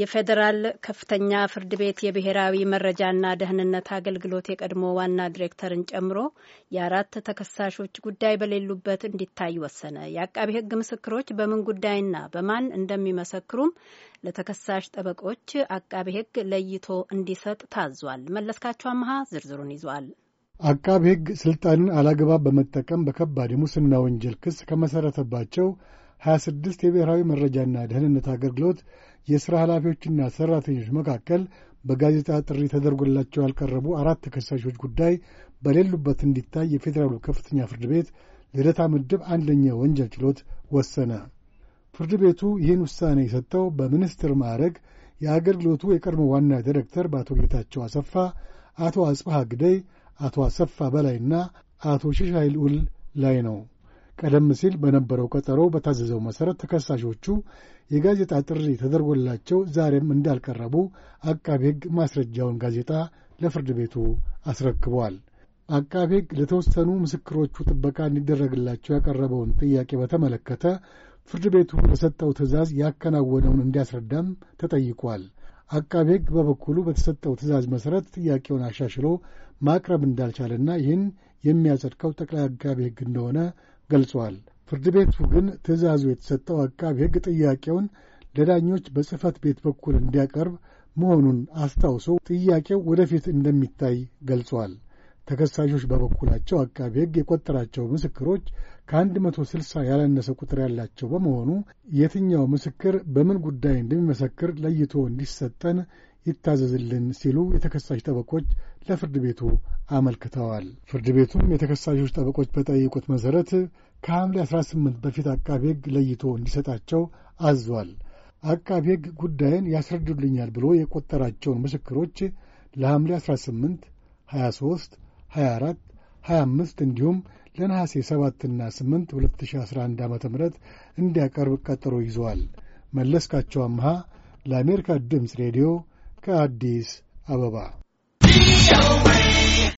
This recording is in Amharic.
የፌዴራል ከፍተኛ ፍርድ ቤት የብሔራዊ መረጃና ደህንነት አገልግሎት የቀድሞ ዋና ዲሬክተርን ጨምሮ የአራት ተከሳሾች ጉዳይ በሌሉበት እንዲታይ ወሰነ። የአቃቢ ሕግ ምስክሮች በምን ጉዳይና በማን እንደሚመሰክሩም ለተከሳሽ ጠበቆች አቃቢ ሕግ ለይቶ እንዲሰጥ ታዟል። መለስካቸው አመሃ ዝርዝሩን ይዟል። አቃቢ ሕግ ስልጣንን አላግባብ በመጠቀም በከባድ የሙስና ወንጀል ክስ ከመሰረተባቸው 26 የብሔራዊ መረጃና ደህንነት አገልግሎት የሥራ ኃላፊዎችና ሠራተኞች መካከል በጋዜጣ ጥሪ ተደርጎላቸው ያልቀረቡ አራት ተከሳሾች ጉዳይ በሌሉበት እንዲታይ የፌዴራሉ ከፍተኛ ፍርድ ቤት ልደታ ምድብ አንደኛ ወንጀል ችሎት ወሰነ። ፍርድ ቤቱ ይህን ውሳኔ የሰጠው በሚኒስትር ማዕረግ የአገልግሎቱ የቀድሞ ዋና ዲሬክተር በአቶ ጌታቸው አሰፋ፣ አቶ አጽባሃ ግደይ፣ አቶ አሰፋ በላይና አቶ ሽሻይ ኡል ላይ ነው። ቀደም ሲል በነበረው ቀጠሮ በታዘዘው መሠረት ተከሳሾቹ የጋዜጣ ጥሪ ተደርጎላቸው ዛሬም እንዳልቀረቡ አቃቢ ሕግ ማስረጃውን ጋዜጣ ለፍርድ ቤቱ አስረክበዋል። አቃቤ ሕግ ለተወሰኑ ምስክሮቹ ጥበቃ እንዲደረግላቸው ያቀረበውን ጥያቄ በተመለከተ ፍርድ ቤቱ ለሰጠው ትዕዛዝ ያከናወነውን እንዲያስረዳም ተጠይቋል። አቃቤ ሕግ በበኩሉ በተሰጠው ትዕዛዝ መሠረት ጥያቄውን አሻሽሎ ማቅረብ እንዳልቻለና ይህን የሚያጸድቀው ጠቅላይ አቃቤ ሕግ እንደሆነ ገልጸዋል። ፍርድ ቤቱ ግን ትዕዛዙ የተሰጠው አቃቢ ሕግ ጥያቄውን ለዳኞች በጽህፈት ቤት በኩል እንዲያቀርብ መሆኑን አስታውሶ ጥያቄው ወደፊት እንደሚታይ ገልጸዋል። ተከሳሾች በበኩላቸው አቃቢ ሕግ የቆጠራቸው ምስክሮች ከ160 ያላነሰ ቁጥር ያላቸው በመሆኑ የትኛው ምስክር በምን ጉዳይ እንደሚመሰክር ለይቶ እንዲሰጠን ይታዘዝልን ሲሉ የተከሳሽ ጠበቆች ለፍርድ ቤቱ አመልክተዋል። ፍርድ ቤቱም የተከሳሾች ጠበቆች በጠየቁት መሠረት ከሐምሌ 18 በፊት አቃቤ ሕግ ለይቶ እንዲሰጣቸው አዟል። አቃቤ ሕግ ጉዳይን ያስረዱልኛል ብሎ የቆጠራቸውን ምስክሮች ለሐምሌ 18፣ 23፣ 24፣ 25 እንዲሁም ለነሐሴ 7ና 8 2011 ዓ ም እንዲያቀርብ ቀጠሮ ይዘዋል። መለስካቸው አምሃ ለአሜሪካ ድምፅ ሬዲዮ ከአዲስ አበባ